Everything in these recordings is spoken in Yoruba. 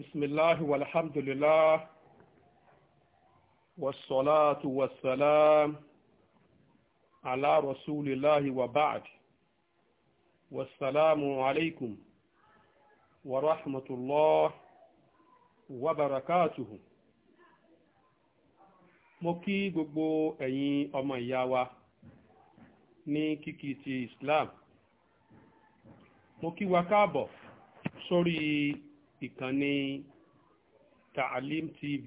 بسم الله والحمد لله والصلاة والسلام على رسول الله وبعد والسلام عليكم ورحمة الله وبركاته mo kí gbogbo ẹ̀yin ọmọ ìyá wa ní kíkí ti Islam mo kí wa káàbọ̀ sórí ìkànnì Taalim TV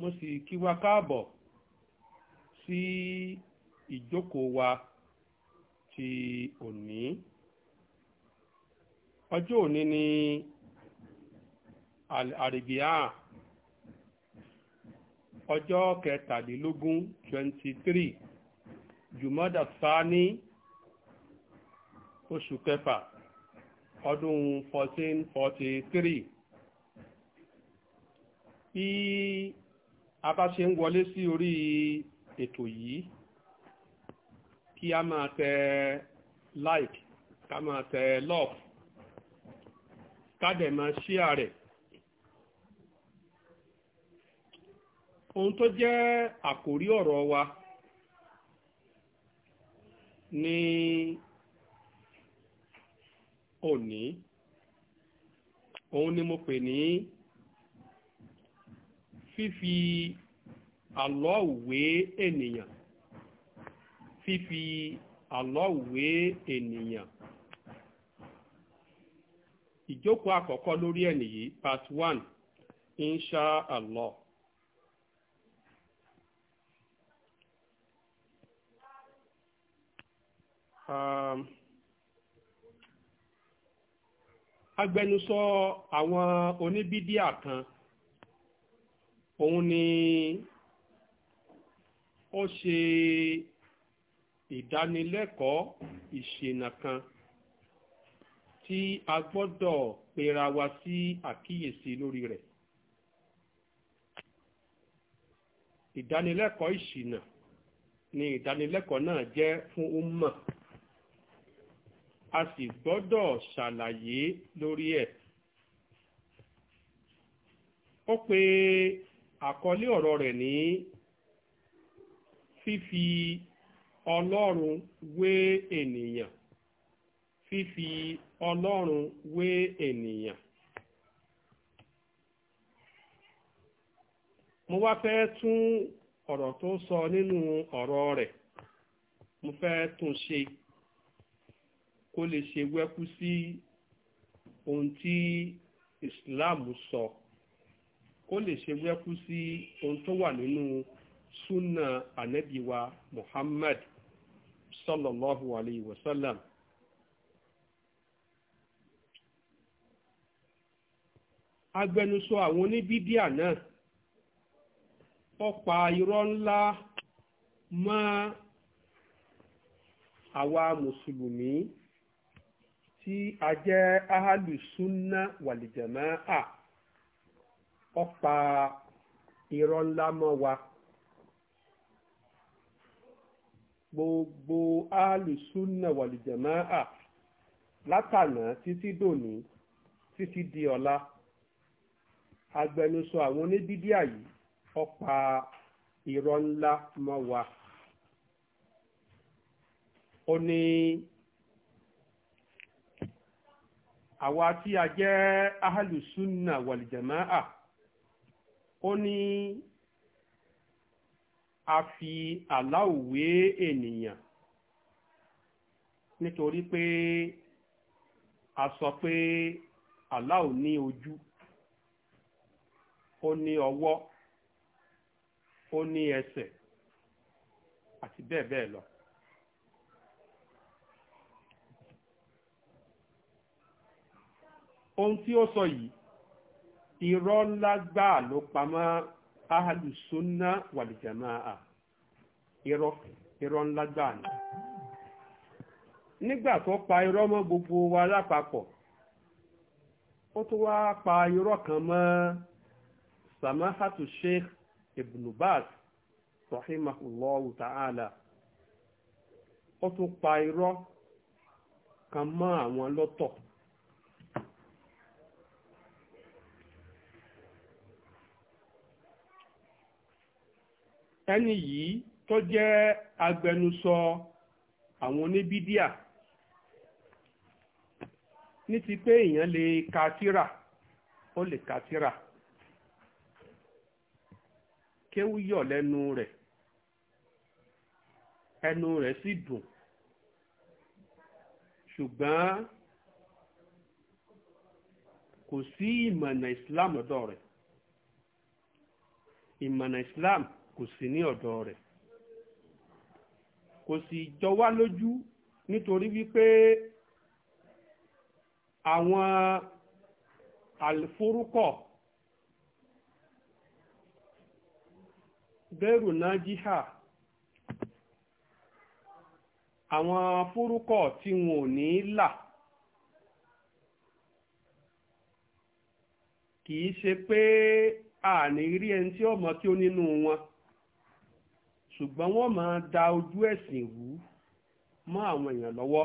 mo sì kí wa káàbọ̀ sí ìjókòó wa ti òní ọjọ́ òní ni àrìbíà ọjọ́ kẹtàlélógún twenty three jùmọ́dà sáà ní oṣù kẹfà ọdún 1443 bí a bá ṣe ń wọlé sí orí ètò yìí kí a máa tẹ like ká máa tẹ love ká máa share rẹ̀ ohun tó jẹ́ àkórí ọ̀rọ̀ wa ni òní òun ni mo pè ní fífi Allah wé ènìyàn fífi Allah wé ènìyàn ìjókòó àkọ́kọ́ lórí ẹ̀ nìyí part one insha Allah. Um, agbẹnusọ àwọn oníbídíà kan òun ni ó ṣe ìdánilẹ́kọ̀ọ́ ìṣìnà kan tí a gbọ́dọ̀ pera wa sí àkíyèsí lórí rẹ̀. ìdánilẹ́kọ̀ọ́ ìṣìnà ni ìdánilẹ́kọ̀ọ́ náà jẹ́ fún umma. a sì gbọ́dọ̀ ṣàlàyé lórí ẹ̀. ó pe àkọlé ọ̀rọ̀ rẹ̀ ní fífi ọlọ́run wé ènìyàn fífi ọlọ́run wé ènìyàn. mo wá fẹ́ tún ọ̀rọ̀ tó sọ nínú ọ̀rọ̀ rẹ̀ mo fẹ́ tún ṣe. kó lè ṣe wẹ́kú sí ohun tí Islam sọ kó lè ṣe wẹ́kú sí ohun tó wà nínú súnà ànábìwa Muhammad sallallahu alayhi wa sallam. agbẹnusọ àwọn oníbídíà náà ọpa irọ́ ńlá mọ́ àwa mùsùlùmí tí a jẹ́ ahalùsúnná wàlìjẹ̀mọ́ à ọ̀pá irọ́ ńlá mọ́ wa gbogbo ahalùsúnná wàlìjẹ̀mọ́ à látànà títí dòní títí di ọ̀la agbẹnusọ àwọn oníbídíà yìí ọ̀pá irọ́ ńlá mọ́ wa ó ní. àwa tí a jẹ́ ahalùsúnà wàlìjàmáà ó ní a fi aláòwé ènìyàn nítorí pé a sọ pé aláò ní ojú ó ní ọwọ́ ó ní ẹsẹ̀ àti bẹ́ẹ̀ bẹ́ẹ̀ lọ. ohun tí ó sọ yìí irọ́ ńlá gbáà ló pamọ́ ahàlùsọ́nà wàlìjàmáà irọ́ irọ́ ńlá gbà ni nígbà tó pa irọ́ mọ́ gbogbo wa lápapọ̀ ó tún wá pa irọ́ kan mọ́ samahatu sheikh ibn baz rahimahullahu ta'ala ó tún pa irọ́ kan mọ́ àwọn lọ́tọ̀. ẹni yìí tó jẹ́ agbẹnusọ àwọn oníbídíà ní ti pé èèyàn lè ka tírà ó lè ka tírà kéwú yọ lẹ́nu rẹ̀ ẹnu rẹ̀ sì dùn ṣùgbọ́n kò sí ìmọ̀nà Islam lọ́dọ̀ rẹ̀ ìmọ̀nà Islam. kò sí ní ọ̀dọ̀ rẹ̀ kò sì jọ wá lójú nítorí wípé àwọn àlùfórúkọ bẹ́rù náà jíhà àwọn fórúkọ tí wọn ò ní là kì í ṣe pé a ní rí ẹni tí kí ó nínú wọn. ṣùgbọ́n wọ́n da ojú ẹ̀sìn rú mọ́ àwọn èèyàn lọ́wọ́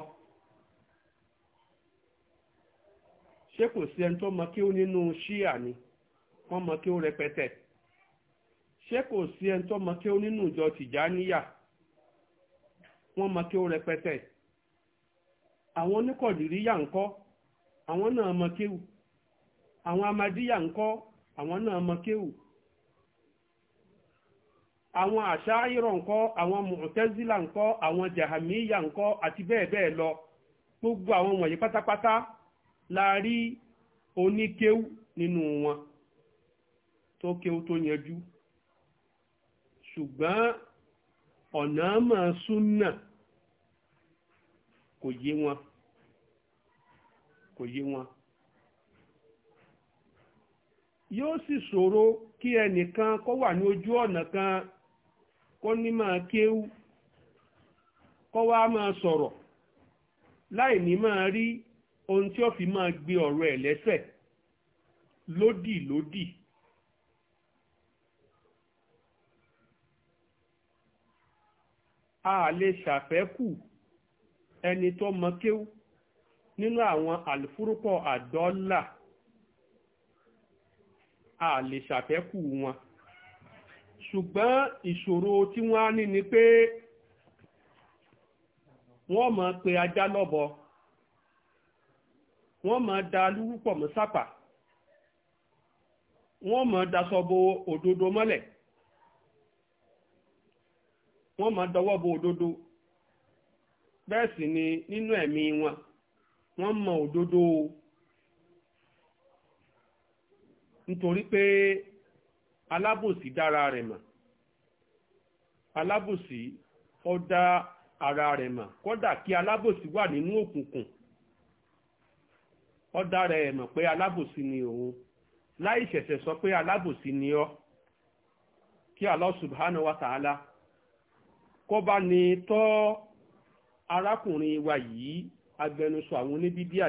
ṣé kò sí ẹni tó mọ kí ó nínú ṣíà ni wọ́n mọ kí ó rẹpẹtẹ ṣé kò sí ẹni tó mọ kí ó nínú ìjọ wọ́n mọ kí ó rẹpẹtẹ àwọn oníkọ̀dìríyà ńkọ́ àwọn náà mọ kéwù àwọn amadíyà ńkọ́ àwọn náà mọ kéwù àwọn àṣàyírọ̀ ńkọ́ àwọn mùtẹ́zílà ńkọ́ àwọn jahamiya ńkọ́ àti bẹ́ẹ̀ bẹ́ẹ̀ lọ gbogbo àwọn wọ̀nyí pátápátá láàrí oníkéwú nínú wọn tó kéwú tó yẹjú ṣùgbọ́n ọ̀nà máa súnà kò yé wọn wọn yóò sì ṣòro kí ẹnìkan kó wà kan kó ní máa kéwú kó wá máa sọ̀rọ̀ láì ní máa rí ohun tí ó fi máa gbé ọ̀rọ̀ ẹ̀ lẹ́sẹ̀ lódì lódì. a lè ṣàfẹ́kù ẹni tó mọ kéwú nínú àwọn àlùfúrúkọ àdọ́là a lè ṣàfẹ́kù wọn ṣùgbọ́n ìṣòro tí wọ́n á ní ni pé wọ́n mọ̀ pé ajá lọ́bọ wọ́n ma da lúrú pọ̀ mọ́ sápà wọ́n mọ̀ daṣọ bo òdodo mọ́lẹ̀ wọ́n máa dọwọ́ bo òdodo bẹ́ẹ̀ sì ni nínú ẹ̀mí wọn wọ́n mọ òdodo nítorí pé alábòsí dára rẹ̀ mà alábòsí ara rẹ̀ mà kí alábòsí wà nínú òkùnkùn ọ dá ara rẹ̀ pé alábòsí ni òun láì ṣẹ̀ṣẹ̀ sọ pé alábòsí ni o kí Allah wa bá ní tọ́ arákùnrin wa yìí agbẹnusọ àwọn oníbíbíà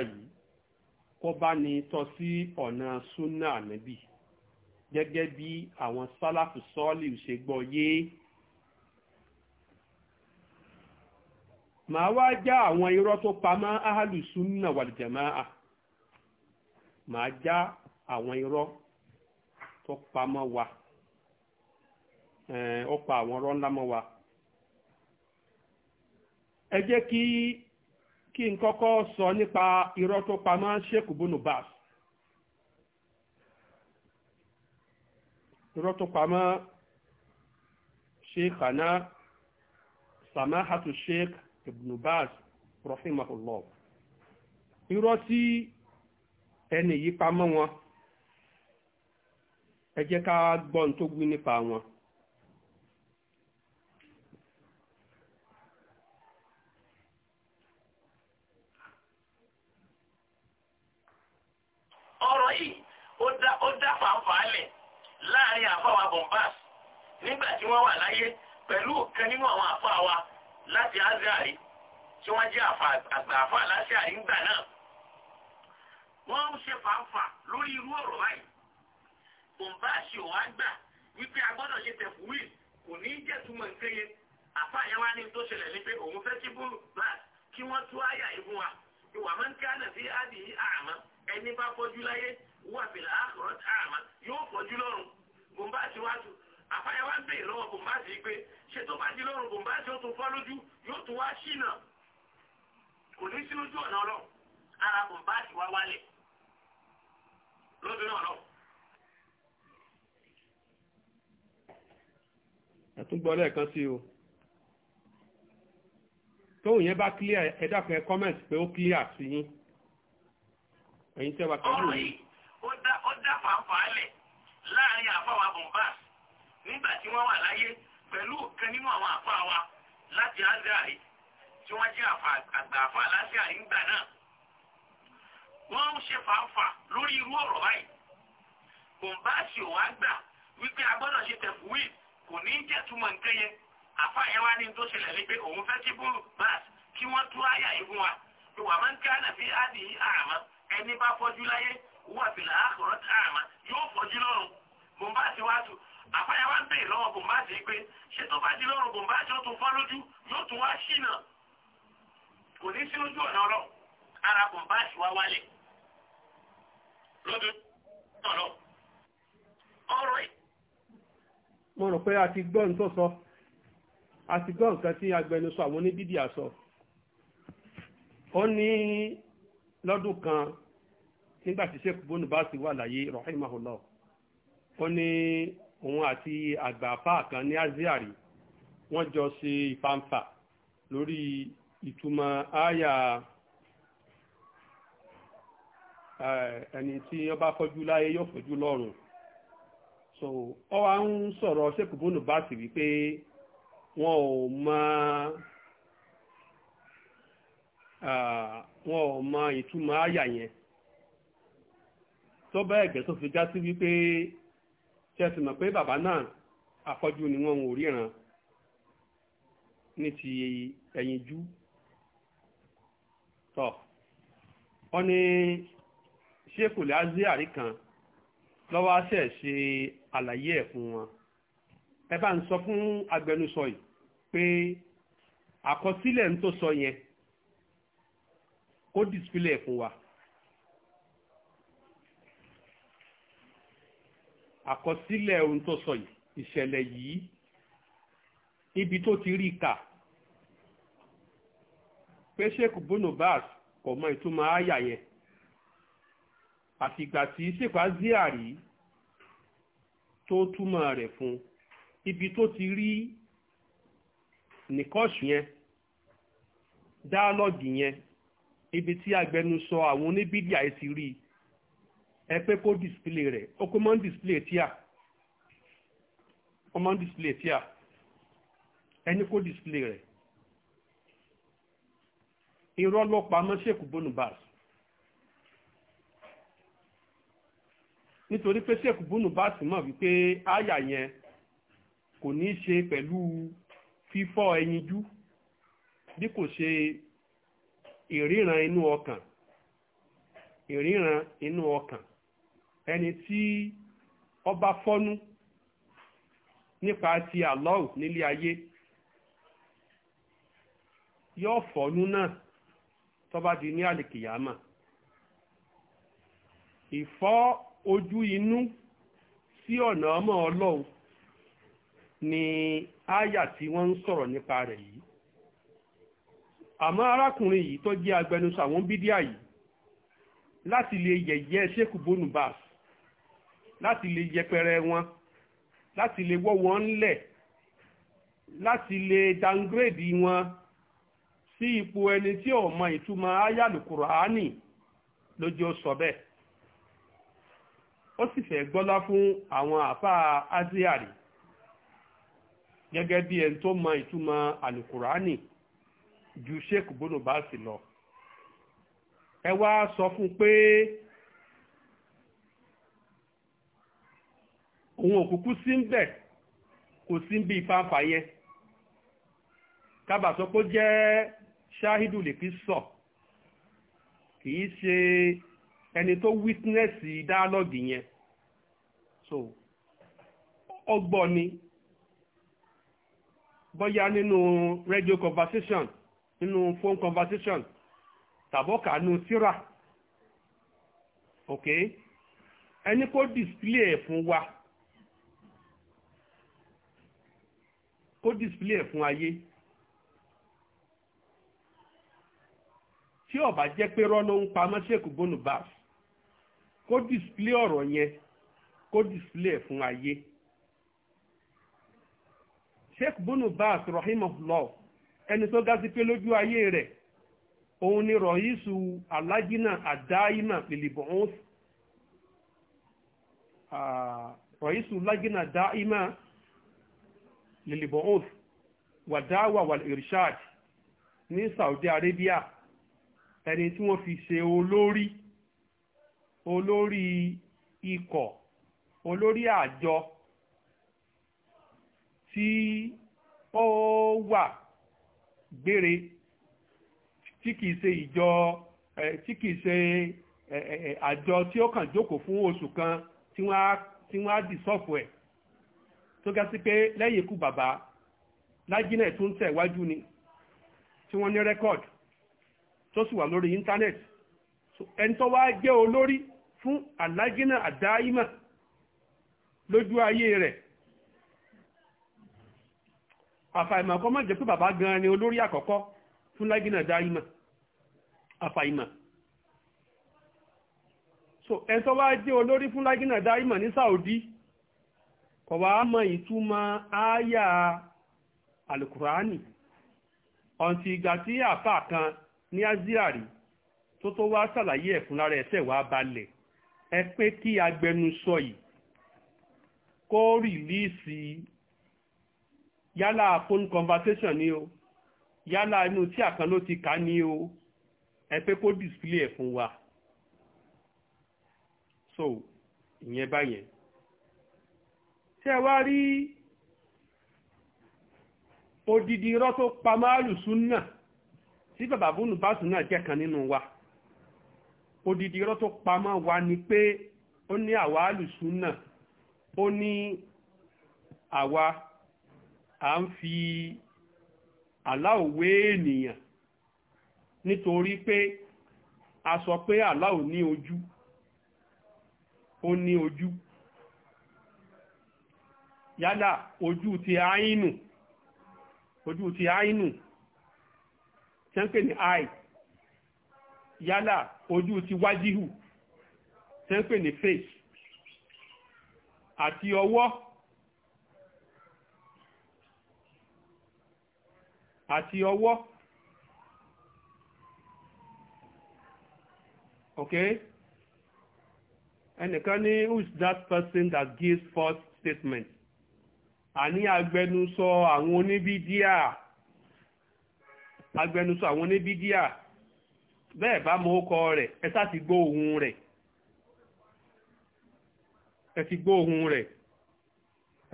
yìí gẹ́gẹ́ bí àwọn sálàfù sọ́ọ̀lì ṣe gbọ́ yé màá wá já àwọn irọ́ tó pa pamọ́ ahalu sunna wal jamaa màá já àwọn irọ́ tó pa pamọ́ wa ó pa àwọn irọ́ ńlá mọ́ wa ẹ jẹ́ kí kí n kọ́kọ́ sọ nípa irọ́ tó pa sheikh bunu bas irọ́ sheikhana samahatu sheikh ibn baz rahimahullah irọ́ tí ẹni yìí pamọ́ wọn ẹ jẹ́ láyé àfáwà bombas nígbà tí wọ́n wà láyé pẹ̀lú ọ̀kan nínú àwọn àfáwà láti azari tí wọ́n jẹ́ àgbà àfá láti àrígbà náà wọ́n ń ṣe fàáfà lórí irú ọ̀rọ̀ báyìí bombas ò wá gbà wípé a gbọ́dọ̀ ṣe tẹ̀fúwìl kò ní í jẹ́ túmọ̀ nǹkan yẹn àfá yẹn wá ní tó ṣẹlẹ̀ ní pé òun fẹ́ kí búrú blas kí wọ́n tú àyà ìfún wa ìwà máa ń kánà sí àdìyí àmọ́ ẹni bá fọjú láyé wà fìlà àkùrọ̀ àmọ́ yóò fọjú lọ́rùn bòmbáàsì wájú àfáyẹ wá ń bè lọ́wọ́ bòmbáàsì pé ṣe tó bá di lọ́rùn bòmbáàsì ó tún fọ́ lójú yóò tún wá ṣìnà kò ní sí lójú ọ̀nà ọlọ́run ara bòmbáàsì wá wálẹ̀ lójú náà lọ. ẹ̀túgbọ́ lẹ́ẹ̀kan sí o tóun yẹn bá clear ẹ dákun ẹ comment pé ó clear sí yín ẹ̀yin tẹ́ wà mi. ọ̀rọ̀ yìí ó dá fàáfàá lẹ̀ nígbà tí wọ́n wà láyé pẹ̀lú ọ̀kan nínú àwọn àfa wa láti azari tí wọ́n jẹ́ àgbà àfa láti àyíngbà náà wọ́n ń ṣe fàáfà lórí irú ọ̀rọ̀ báyìí kò ń bá ṣe òun àgbà wípé a gbọ́dọ̀ ṣe tẹ̀fúwì kò ní jẹ́ túmọ̀ nǹkan yẹn àfa yẹn wá ní tó ṣẹlẹ̀ ní pé òun fẹ́ kí búrú báàsì kí wọ́n tú àyà ìfún wa ìwà máa ń ká ànà fi àdì àmọ́ ẹni bá fọ́jú láyé wọ́n fi làákọ̀ọ́ àmọ́ yóò fọ́jú lọ́rùn kò ń bá ṣe wá tù àbáyá wá ń bèèrè lọ́wọ́ bòmbáàsì pé ṣé tó bá di lọ́rùn bòmbáàsì ó tún fọ́ lójú yóò tún wá ṣìnà kò ní sí ojú ọ̀nà ọlọ́ ara bòmbáàsì wá wálẹ̀ lójú ọ̀nà ọ̀rọ̀ pé a ti gbọ́ nǹkan sọ a ti gbọ́ nǹkan tí agbẹnusọ àwọn oníbídìí àsọ ó ní lọ́dún kan nígbà tí sheikh bonu bá sì wà láyé rahimahullah ó ní òun àti àgbàfà kan ní aziari wọ́n jọ ṣe ìfàǹfà lórí ìtumọ̀ àyà eh, ẹni tí wọ́n bá láyé yóò fọ́jú lọ́run so ọ wá ń sọ̀rọ̀ ṣèkùbónú bá sì wípé wọn ò mọ ah, wọn ò mọ ìtumọ̀ àyà yẹn tó tó fi já sí wípé tí mọ̀ pé bàbá náà afọ́jú ni wọ́n ò ríran ní ti ẹyinjú tọ̀ wọ́n ní ṣékùlé azíàrí kan lọ́wọ́ aṣẹ́ ṣe àlàyé ẹ̀ fún wọn ẹ bá ń sọ fún agbẹnusọ yìí pé àkọsílẹ̀ ń tó sọ yẹn kó display fún wa. àkọsílẹ̀ ohun tó sọ yìí ìṣẹ̀lẹ̀ yìí ibi tó ti rí kà pé sheik bonobas kò mọ ìtumọ̀ àyà yẹn àtìgbà tí sheik aziari tó túmọ̀ rẹ̀ fún ibi tó ti rí nìkọ́ṣù yẹn dáálọ́gì yẹn ibi tí agbẹnusọ àwọn oníbídìí àìsí rí i ẹ pé kó display rẹ̀ ó kó máa ń display tíà ó máa ń display tíà ẹni kó display rẹ̀ irọ́ ló pa mọ́ Sheikh Bonu Bas nítorí pé Sheikh Bonu Bas mọ̀ wípé àyà yẹn kò ní í ṣe pẹ̀lú fífọ́ ẹyinjú bí kò ṣe ìríran inú ọkàn ìríran inú ọkàn ẹni tí ọba fọ́nú nípa ti àlọ́ọ̀ nílé ayé yóò fọ́nú náà tọ́ba di ní àlìkìyàmà ìfọ́ ojú inú sí ọ̀nà ọmọ ni aya tí wọ́n ń sọ̀rọ̀ nípa rẹ̀ yìí àmọ́ arákùnrin yìí tó jẹ́ agbẹnusọ àwọn bídíà yìí láti lè yẹ̀yẹ́ ṣékù bónú láti lè yẹpẹrẹ wọn láti lè wọ́ wọn ńlẹ̀ láti lè dangrèdì wọn sí ipò ẹni tí ò mọ ìtumọ̀ áyàlù kùránì lójú sọ bẹ́ẹ̀ ó sì fẹ́ gbọ́lá fún àwọn àfáà aziari gẹ́gẹ́ bí ẹni tó mọ ìtumọ̀ àlùkùránì ju sheik bono lọ ẹ wá sọ fún pé òun òkùnkù sí ń bẹ̀ kò sí ń bí ìfáǹfà yẹ kábà sọ pé ó jẹ́ ṣáhídù lè fi sọ kì ṣe ẹni tó wítínẹ́sì dáálọ́gì yẹn so ọgbọ́n ni bọ́yá nínú radio conversation nínú phone conversation tàbọ́kà nínú síra ok ẹni kó display ẹ̀ fún wa. kó display ẹ̀ fún ayé tí ó bá jẹ́ pé rọ́ ló ń pamọ́ ṣèkú gbónú báf kó display ọ̀rọ̀ yẹn kó display ẹ̀ fún ayé sheikh bunu baas rahimahullah ẹni tó ga sí pé lójú ayé rẹ̀ òun ni rọ̀yísù alájínà àdáyínà pèlìbọ̀n ah, rọ̀yísù lájínà dáímà lilibooth wàdáwà wà irishad ní Saudi Arabia ẹni tí wọ́n fi ṣe olórí olórí ikọ̀ olórí àjọ tí ó wà gbére tí kìí ṣe ìjọ tí kìí ṣe àjọ tí ó kàn jókòó fún oṣù kan tí wọ́n á dì sọ́fù ẹ̀ tó ga sí pé lẹ́yìn ikú bàbá lájínà tó ń tẹ̀ wájú ni tí wọ́n ní rẹ́kọ̀d tó sì wà lórí íńtánẹ́ẹ̀tì ẹni tó wá jẹ́ olórí fún alájínà àdáyímà lójú ayé rẹ̀ àfàìmọ̀ kọ́ má jẹ́ pé bàbá gan ni olórí àkọ́kọ́ fún lájínà àdáyímà àfàìmọ̀ so ẹni tó wá jẹ́ olórí fún lájínà àdáyímà ní Saudi kò wá mọ ìtumọ̀ ááyà alukurani ọ̀ǹtì ìgbà tí àfà kan ní azíàrí tó tó wá ṣàlàyé ẹ̀kún lára ẹsẹ̀ wá balẹ̀ ẹ pé kí agbẹnusọ yìí kó rìlíìsì yálà phone conversation ni o yálà inú tí àkan ló ti kà ni o ẹ pé kó display ẹ̀ fún wa so ìyẹn báyẹn ṣé ẹ wá rí odidi irọ́ tó pa máàlù súnà tí bàbá búnú bá súnà jẹ́ kan nínú wa odidi irọ́ tó pa máa wa ni pé ó ní àwa àlùsúnà ó ní àwa à ń fi aláòwé ènìyàn nítorí pé a sọ pé aláò ní ojú ó ní ojú yálà ojú ti àínù ojú ti àínù tí ń pè ní eye yálà ojú ti wájíhù tí ń pè ní face àti ọwọ́ àti ọwọ́ okay ẹnìkan ní who is that person that gives false statement àní agbẹnusọ àwọn oníbídíà agbẹnusọ àwọn oníbídíà bẹ́ẹ̀ bá mọ ọkọ rẹ̀ ẹ sá ti gbọ́ ohùn rẹ̀ ẹ ti gbọ́ ohùn rẹ̀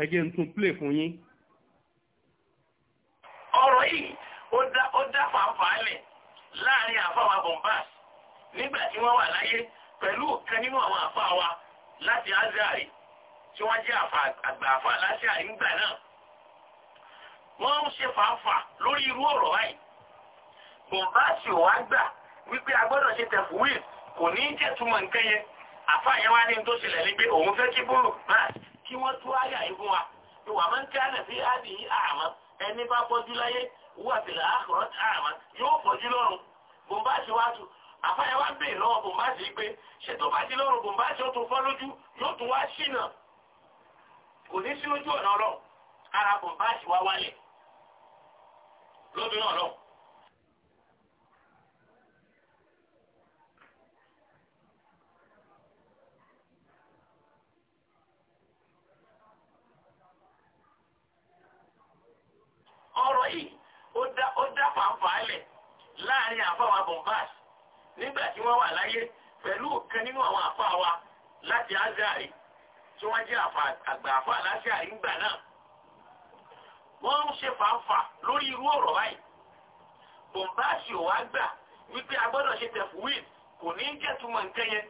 ẹ jẹ́ n tún play fún yín. ọ̀rọ̀ yìí ó dá fàáfàá lẹ̀ láàrin àfáwà bombas nígbà tí wọ́n wà láyé pẹ̀lú ọ̀kan nínú àwọn àfáwà láti azari tí wọ́n jẹ́ àgbà àfa aláṣà ìgbà náà wọ́n ń ṣe fàáfà lórí irú ọ̀rọ̀ báyìí bọ̀m̀báṣì ò wá gbà wípé a gbọ́dọ̀ ṣe tẹ̀fúwì kò ní jẹ́ túmọ̀ nǹkan yẹn àfa yẹn wá ní tó ṣẹlẹ̀ ní pé òun fẹ́ kí búrú náà kí wọ́n tú àyà yìí fún wa ìwà máa ń kí àná sí àdì yìí àmọ́ ẹni bá fọ́jú láyé wúwà tẹ̀lé àkọ́rọ́ àmọ́ yóò fọ́jú lọ́rùn bọ̀m̀báṣì wá tù àfa yẹn wá bèè lọ́wọ́ bọ̀m̀báṣì pé ṣètò bá ti lọ́rùn bọ̀m̀báṣì ó tún fọ́ lójú yóò tún wá ṣìnà kò ní sí ojú ọ̀nà ara bọ̀ bá ṣì wá wálẹ̀ lóbìnrin ọ̀lọ́. ọ̀rọ̀ yìí ó dá ó dá fàǹfà lẹ̀ láàrin àfáwà bombas nígbà tí wọ́n wà láyé pẹ̀lú ọ̀kan nínú àwọn àfáwà láti azari tí wọ́n jẹ́ àgbà àfa aláṣẹ àrígbà náà wọ́n ń ṣe fàáfà lórí irú ọ̀rọ̀ báyìí bòǹbáàṣì ò wá gbà wípé a gbọ́dọ̀ ṣe tẹ̀fúwìl kò ní í jẹ́túmọ̀ nǹkan yẹn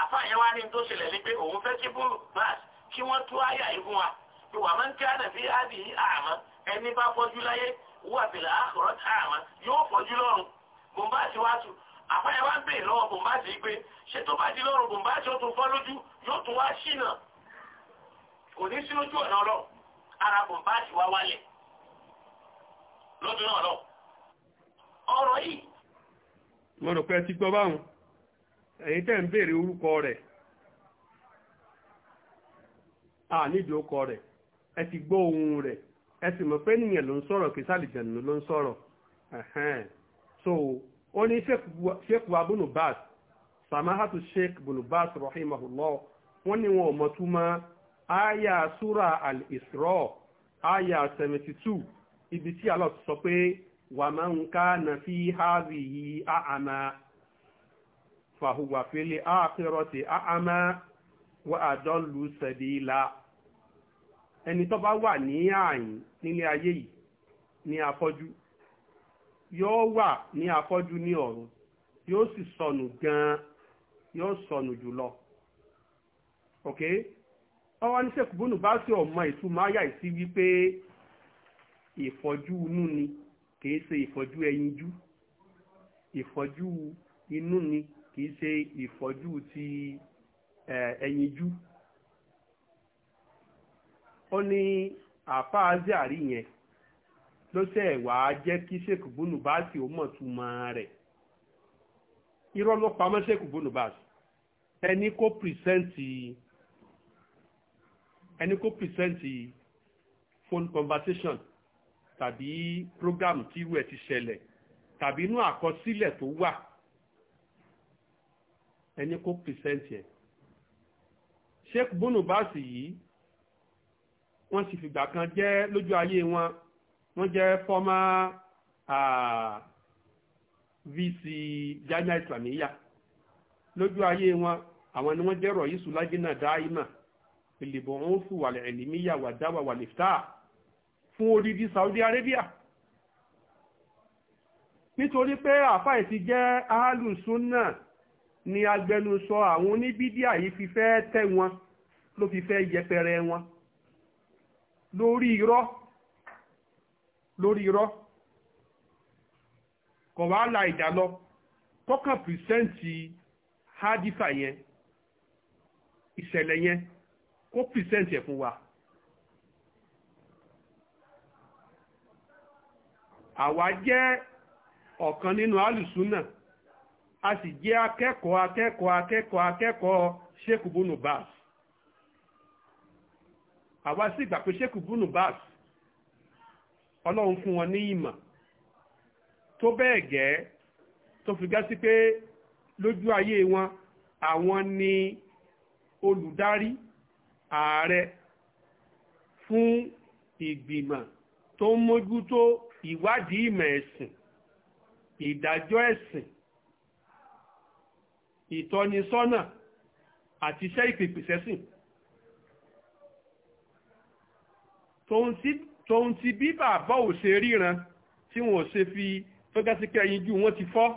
àfa yẹn wá ní tó ṣẹlẹ̀ ní pé òun fẹ́ kí bòǹbáàṣ kí wọ́n tú àyà yìí fún wa pé wà máa ń kí ànàfi àbí àmọ́ ẹni bá fọ́jú láyé wúwà bìlà àkọ́rọ́ àmọ́ yóò fọ́jú lọ́rùn bòǹbáàṣì wá tù àfa yẹn wá ń bèèrè lọ́wọ́ bòǹbáàṣì pé ṣé tó bá di lọ́rùn bòǹbáàṣì ó tún fọ́ lójú yóò tún wá ṣìnà kò ní sí ojú ọ̀nà ọlọ́ ara bọ̀ bá ti wá wálẹ̀ lọ́dún náà lọ ọ̀rọ̀ yìí. mo rò pé ẹ ti gbọ́ báwọn ẹ̀yin tẹ́ ń béèrè orúkọ rẹ̀ a nídìí orúkọ rẹ̀ ẹ ti gbọ́ ohun rẹ̀ ẹ sì mọ̀ pé nìyẹn ló ń sọ̀rọ̀ ló ń sọ̀rọ̀ so ó ní sheikh abunu samahatu sheikh bunu rahimahullah wọ́n ní wọn ò mọ̀ aya sura al-isra aya 72. two ibi tí Allah ti sọ pé wa man kana fi hadhihi a'ama fahuwa fil akhirati a'ama wa adallu sabila ẹni tó bá wà ní àyìn nílé ayé yìí ní afọ́jú yóò wà ní afọ́jú ní ọ̀run yóò sì sọnù gan yóò sọnù jùlọ okay ọwọ́ ní sẹ́kùbónú bá sí ọmọ ìtumọ̀ àyà ìsí wípé ìfọ́jú inú ni kìí ṣe ìfọ́jú ẹyinjú ìfọ́jú inú ni kìí ṣe ìfọ́jú ti ẹyinjú ó ní àfáàzì àrí yẹn ló ṣe wá jẹ́ kí sẹ́kùbónú bá sí ọmọ ìtumọ̀ rẹ̀ irọ́ ló pamọ́ sẹ́kùbónú bá sí ẹni kó pìrìsẹ́ǹtì ẹni kó pìsẹ́ǹtì phone conversation tàbí program tí irú ẹ̀ ti ṣẹlẹ̀ tàbí inú àkọsílẹ̀ tó wà ẹni kó pìsẹ́ǹtì ẹ̀ Sheikh Bono Bass yìí wọ́n sì fìgbà kan jẹ́ lójú ayé wọn wọ́n jẹ́ former uh, VC Jamiu Islamiyya lójú ayé wọn àwọn ni wọ́n jẹ́ rọ̀yìsù lágínà dáímà fìlìbọ̀nsù wal ilmiya wà dáwà wal ifta fún odidi Saudi Arabia nítorí pé àfáì ti jẹ́ ahlus sunna ni agbẹnusọ àwọn oníbídíà yìí fi fẹ́ tẹ́ wọn ló fi fẹ́ yẹpẹrẹ wọn lórí irọ́ lórí irọ́ kò wá la ìdálọ́ tọ́kàn pìrìsẹ́ǹtì hádìsà yẹn ìṣẹ̀lẹ̀ yẹn kó pìsẹ́ǹtì ẹ̀ fún wa àwa jẹ́ ọ̀kan nínú alùsúnà a sì jẹ́ akẹ́kọ̀ọ́ akẹ́kọ̀ọ́ akẹ́kọ̀ọ́ akẹ́kọ̀ọ́ sheikh bunu bas àwa sì gbà pé sheikh bunu bas ọlọ́run fún wọn ní ìmọ̀ tó bẹ́ẹ̀ gẹ́ tó fi gá sí pé lójú ayé wọn àwọn ni olùdarí ààrẹ fún ìgbìmọ̀ tó ń mójútó ìwádìí ìmọ̀ ẹ̀sìn ìdájọ́ ẹ̀sìn ìtọ́nisọ́nà àti iṣẹ́ ìpèpèsẹ́sìn tóun ti bí bàbá ò ṣe ríran tí wọn ò ṣe fi fẹ́gásíkẹ́ ẹyin jù wọ́n ti fọ́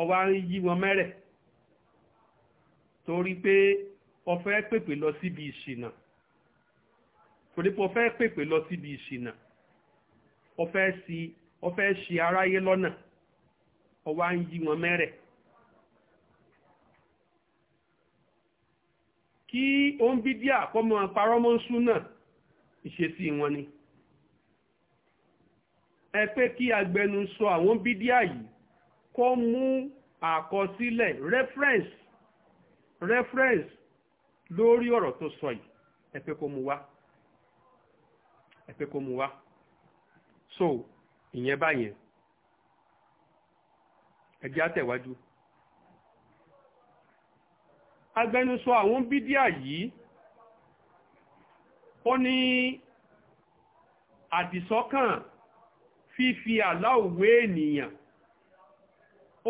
ọwá ń yí wọn mẹ́rẹ̀ẹ́ torí pé o fẹ́ pèpè lọ síbi ìṣìnà torí pé o fẹ́ pèpè lọ síbi ìṣìnà o fẹ́ sí o fẹ́ ṣì aráyé lọ́nà o wá ń yí wọn mẹ́rẹ̀. kí o ń bídíà kọ́mọ parọ́mọ́sú náà ìṣesí wọn ni ẹ pé kí agbẹnusọ àwọn bídíà yìí kó mú àkọsílẹ̀ reference reference lórí ọ̀rọ̀ tó sọ yìí ẹ pé kó mu wá ẹ kó mu wá so ìyẹn báyẹn ẹ jẹ́ àtẹ̀wájú agbẹnusọ àwọn bídíà yìí ó ní àdìsọ́kàn fífi àláòwé ènìyàn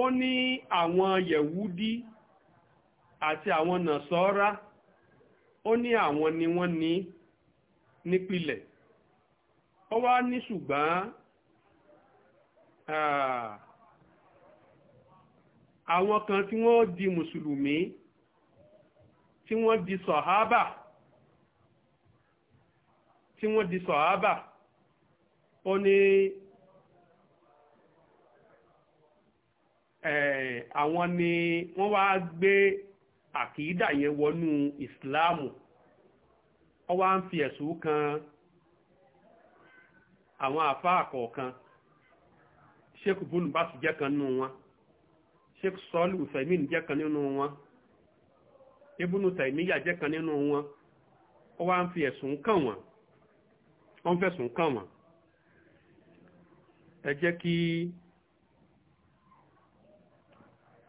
ó ní àwọn yẹ̀wúdí àti àwọn nàṣọ́ra ó ní àwọn ni wọ́n ní nípìlẹ̀ ó wá ní ṣùgbọ́n àwọn kan tí wọ́n di mùsùlùmí tí wọ́n di sọ̀hábà tí wọ́n di sọ̀hábà ó ní àwọn ni wọ́n wá gbé àkìídà yẹn wọnú ìsìláàmù ó ń fi ẹ̀sùn kan àwọn àfáà sheikh bùnú bá sì kan nínú wọn sheikh sọ́ọ̀lù usaimin jẹ kan nínú wọn ibùnú tàìmíyà jẹ kan nínú wọn ó ń fi ẹ̀sùn kàn wọ́n fẹ̀sùn kàn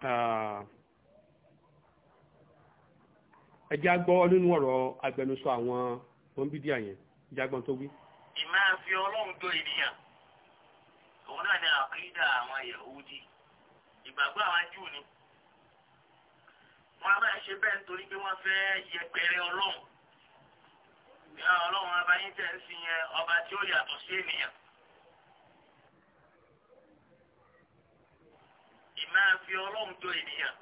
ah, ẹjẹ́ agbọ́ nínú ọ̀rọ̀ agbẹnusọ àwọn bọ́ńbídíà yẹn ẹjẹ́ agbọ́n tó wí. ìmọ̀ àfi ọlọ́run tó ènìyàn òun náà ni àkídà àwọn Yahudi ìgbàgbọ́ àwọn Júù ni wọ́n á máa ṣe bẹ́ẹ̀ nítorí pé wọ́n fẹ́ yẹpẹrẹ ọlọ́run ọlọ́run ọba yín tẹ̀ ń sin yẹn ọba tí ó yàtọ̀ sí ènìyàn. ìmọ̀ àfi ọlọ́run tó ènìyàn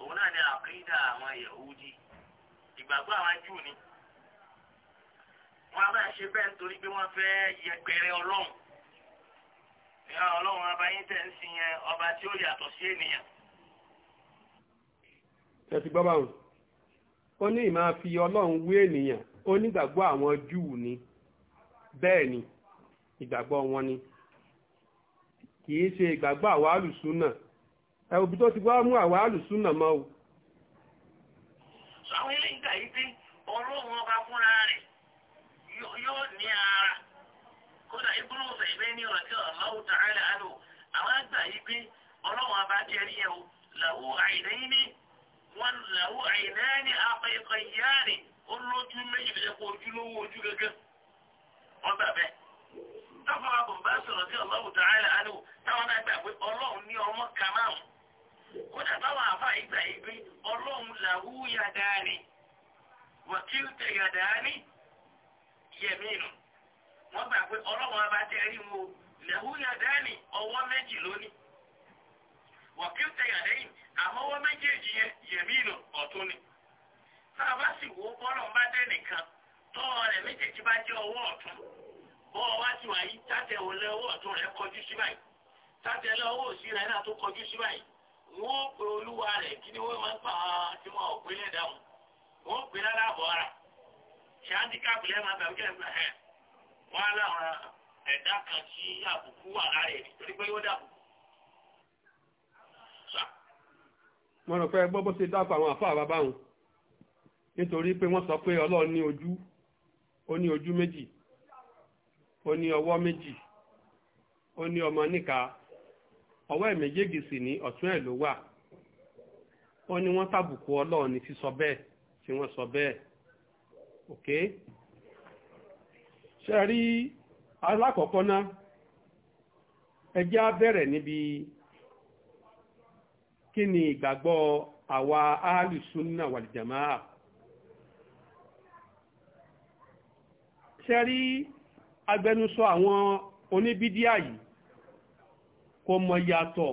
òun náà ni àkídà àwọn yahudi ìgbàgbọ́ àwọn júù ni wọ́n a máa ṣe bẹ́ẹ̀ nítorí pé wọ́n fẹ́ yẹpẹrẹ ọlọ́run ìran ọlọ́run ọba yín tẹ̀ ń sin yẹn ọba tí ó yàtọ̀ sí ènìyàn. ẹ ti gbọ́ báwọn ó ní ìmáa fi ọlọ́run wé ènìyàn ó nígbàgbọ́ àwọn júù ni bẹ́ẹ̀ ni ìgbàgbọ́ wọn ni kì í ṣe ìgbàgbọ́ àwa àlùsùn náà ẹ̀wùbí tó ti wá mú àwa alùsúnà mọ́ o. àwọn ilé ìgbà yìí pé ọlọ́run ọba fúnra rẹ̀ yóò ní ara kódà ibùdó ọ̀sẹ̀ ìgbẹ́ ní ọ̀rọ̀ tí Allahu ta'ala àlò àwọn àgbà yìí pé ọlọ́run ọba jẹ́rí ẹ̀ o làwọ̀ àìlẹ́yìn ní wọn làwọ̀ àìlẹ́yìn ní apẹ̀kọ̀ ìyá rẹ̀ ó lójú méjì tó yẹ kó ojúlówó ojú gẹ́gẹ́ ọgbà bẹ́ẹ̀ tọ́kọ̀ àbùnbá sọ̀rọ̀ tí Allahu ta'ala àlò táwọn àgbà pé ọlọ́run ní ọmọ kàmáàmù kódà báwọn àfa ìgbà ìgbé ọlọ́run làwú yàdáni wọ́kíltẹ̀ yàdáni yẹ̀mínú wọ́n gbà pé ọlọ́run ọba tẹ́ rí wo làwú yàdáni ọwọ́ méjì lónìí méjèèjì yẹn ọ̀tún ni tá a bá sì wo bọ́lọ̀ bá dẹ́ nìkan tọ́wọ́ rẹ̀ méjèèjì bá jẹ́ ọwọ́ ọ̀tún bọ́ọ̀ wà yìí tátẹ̀ òlẹ̀ ọwọ́ ọ̀tún rẹ̀ kọjú sí báyìí tátẹ̀ lọ́wọ́ òsì rẹ̀ náà tó kọjú wọ́n pe olúwa rẹ̀ kí ni wọ́n máa ń pa tí wọ́n ò pélé dáhùn wọ́n pe rárá àbọ̀ ara ṣáàdì káàpìlẹ̀ máa tàbí kẹ́lẹ́ ẹ̀ wọ́n á láwọn ẹ̀dá kan tí àbùkù wà lára ẹ̀ nítorí pé yóò dàbùkù. mo rò pé gbọ́ bó ṣe dákọ̀ àwọn àfáà bàbá wọn nítorí pé wọ́n sọ pé ọlọ́run ní ojú ó ní ojú méjì ó ní ọwọ́ méjì ó ní ọmọ níka ọwọ́ ẹ̀ méjèèjì sì ní ọ̀tún ẹ̀ ló wà wọ́n ní wọ́n tàbùkù ọlọ́run ní sísọ bẹ́ẹ̀ tí wọ́n sọ bẹ́ẹ̀ ok ṣe rí alákọ̀ọ́kọ́ ná ẹjẹ́ bẹ̀rẹ̀ níbi kí ni ìgbàgbọ́ àwa alùsùnà wàlìjàmáà ṣe rí agbẹnusọ kò mọ yàtọ̀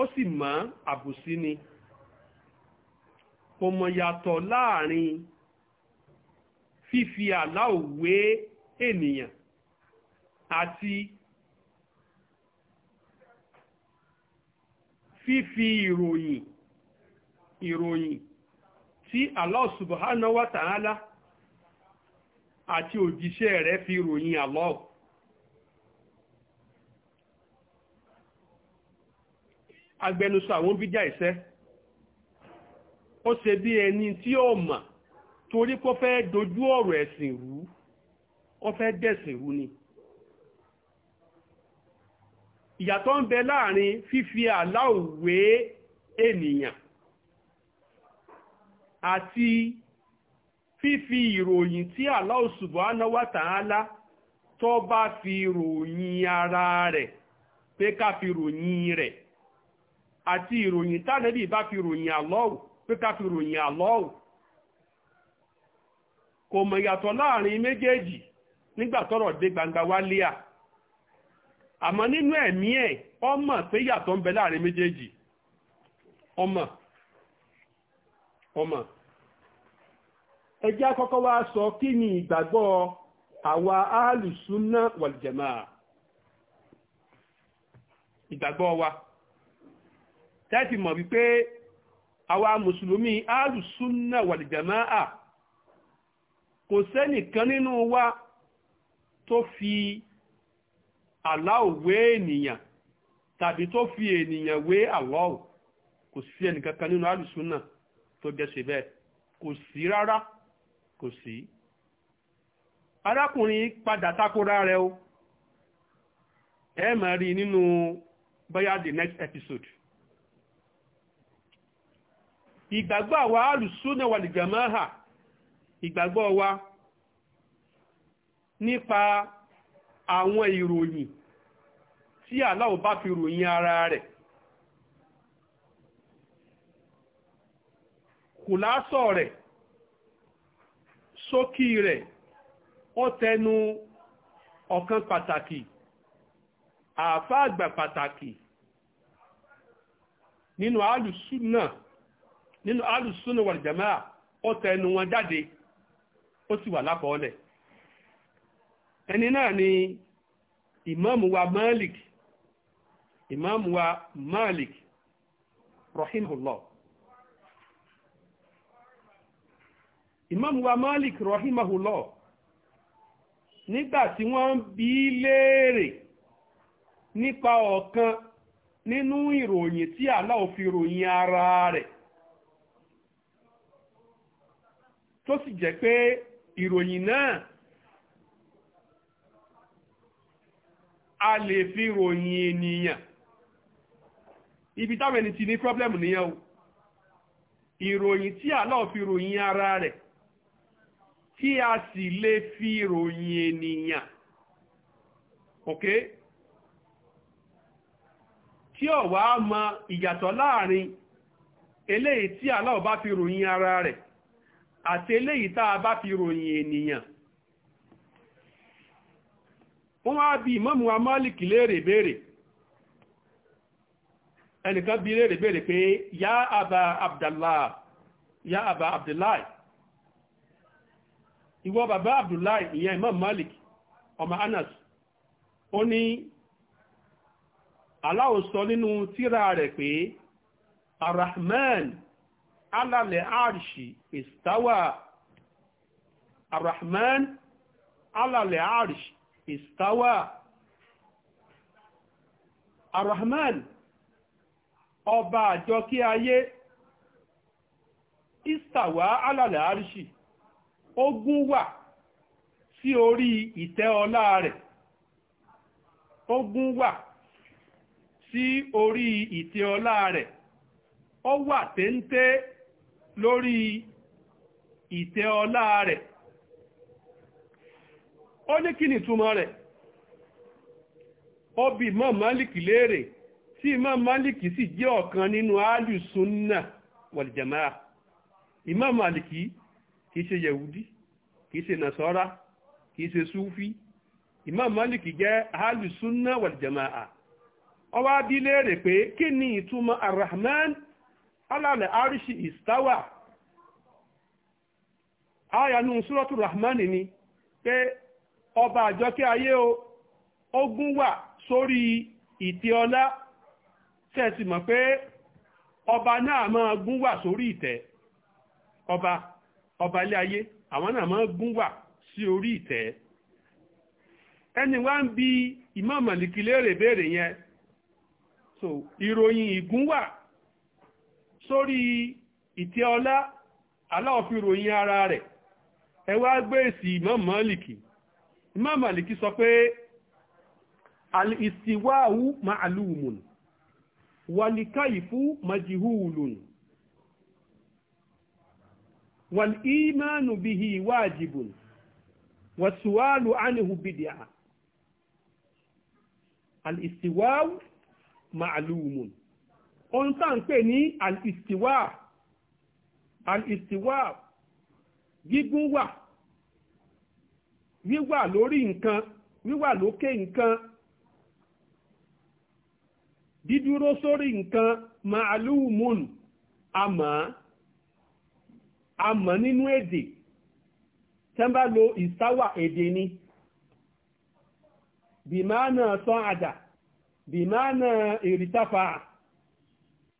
ó sì mọ àbùsí ni kò mọ yàtọ̀ láàrin fífi àlá òwe ènìyàn àti fífi ìròyìn ìròyìn tí Allah subhanahu wa ta'ala àti òjíṣẹ́ rẹ̀ fi ròyìn Allah agbẹnusọ àwọn bídíà ìṣẹ́ ó ṣe bí ẹni tí ó mà torí kó fẹ́ dojú ọ̀rọ̀ ẹ̀sìn rú ó fẹ́ dẹ̀sìn rú ni ìyàtọ̀ ń bẹ láàrin fífi àláòwé ènìyàn àti fífi ìròyìn tí Allah subhanahu wa tó bá fi ròyìn ara rẹ̀ pé ká fi ròyìn rẹ̀ àti ìròyìn tánàbí bá fi ròyìn àlọ́wù pé fi ròyìn àlọ́wù kò mọ̀ ìyàtọ̀ láàrin méjèèjì nígbà dé gbangba wálé à àmọ́ nínú ẹ̀mí ẹ̀ ọmọ pé ń bẹ láàrin méjèèjì ọmọ ọmọ ẹjẹ́ wá sọ kí ni ìgbàgbọ́ àwa wa. tẹ́ẹ̀fì mọ̀ wípé àwa mùsùlùmí alùsùnà wàlìjàmáà kò sẹ́nìkan nínú wa tó fi aláòwé ènìyàn tàbí tó fi ènìyàn wé aláò kò sí ẹnìkankan nínú alùsùnà tó jẹ́ bẹ́ẹ̀ kò sí rárá kò sí arákùnrin padà takora rẹ̀ o ẹ rí nínú bóyá the next episode ìgbàgbọ́ àwa alùsúnà wàlìjàmáhà ìgbàgbọ́ wa nípa àwọn ìròyìn tí aláwọ̀ bá fi ròyìn ara rẹ̀ kùlásọ̀ rẹ̀ sókí rẹ̀ ó tẹnu ọ̀kan pàtàkì àfáàgbà pàtàkì nínú alùsúnà nínú alùsùnù wal jamaa ó tẹnu wọn jáde ó sì wà lákọọ́lẹ̀ ẹni náà ni ìmáàmù wa Malik ìmáàmù wa Malik rahimahullah ìmáàmù wa Malik rahimahullah nígbà tí wọ́n ń léèrè nípa ọ̀kan nínú ìròyìn tí Allah fi ròyìn ara rẹ̀ tó sì jẹ́ pé ìròyìn náà a lè fi ròyìn ènìyàn ibi táwọn ẹni ti ní pọ́blẹ́mù ya o ìròyìn tí Allah fi ròyìn ara rẹ̀ tí a sì lè fi ròyìn ènìyàn ok tí ó wá mọ ìyàtọ̀ láàrin eléyìí tí Allah bá fi ròyìn ara rẹ̀ àti eléyìí tá a bá fi ròyìn ènìyàn wọ́n á bi ìmọ́mù wa Málìkì léèrè ẹnìkan bi léèrè béèrè pé yá àbá Abdallah yá àbá Abdullahi ìwọ bàbá Abdullahi ìyẹn ìmọ́mù Málìkì ọmọ Anas ó ní aláwòsọ nínú tírà rẹ̀ pé Arrahman على العرش استوى الرحمن على ọba àjọkí ayé ìstàwá ala àríṣì wà sí orí ìtẹ́ ọlá rẹ̀ ó wà sí orí ìtẹ́ ọlá rẹ̀ ó wà lórí ìtẹ́ ọlá rẹ̀ ó ní kí ni rẹ̀ ó bi Imam Malik léèrè tí Imam Malik sì jẹ́ ọ̀kan nínú alùsùnà wàlìjàmáà Imam Malik kìí ṣe yẹ̀wúdí kìí ṣe nàṣọ́rá kìí ṣe súfí Imam Malik jẹ́ alùsùnà wàlìjàmáà ó wá bi léèrè pé kí ni ìtumọ̀ arahman alàlẹ̀ àríṣì istawa ayanu súrọ́tù rahman ni pe ọba àjọkẹ́ ayé o ogun wà sórí ìtẹ́ ọlá tẹ́ẹ̀sì mọ̀ pé ọba náà máa gún wà sórí ìtẹ́ ọba ọba ilé ayé àwọn náà máa gún wà sí orí ìtẹ́ ẹni wá ń bi ìmọ̀ mọ̀lìkì léèrè béèrè yẹn so ìròyìn ìgúnwà sórí ìtẹ́ ọlá aláòfin ròyìn ara rẹ̀ ẹ wá gbé èsì Imam Maliki Imam Maliki sọ pé al-istiwa'u ma'lumun wal-kayfu majhulun wal ma'lumun ohun tá ń pè ní al-istiwa al-istiwa gígùn wà wíwà lórí nǹkan wíwà lókè nǹkan dídúró sórí nǹkan ma'alumun àmọ́ àmọ́ nínú èdè tẹ́ bá lo ìsáwà èdè ni bìmánà sán àdà bìmánà èrìtàfà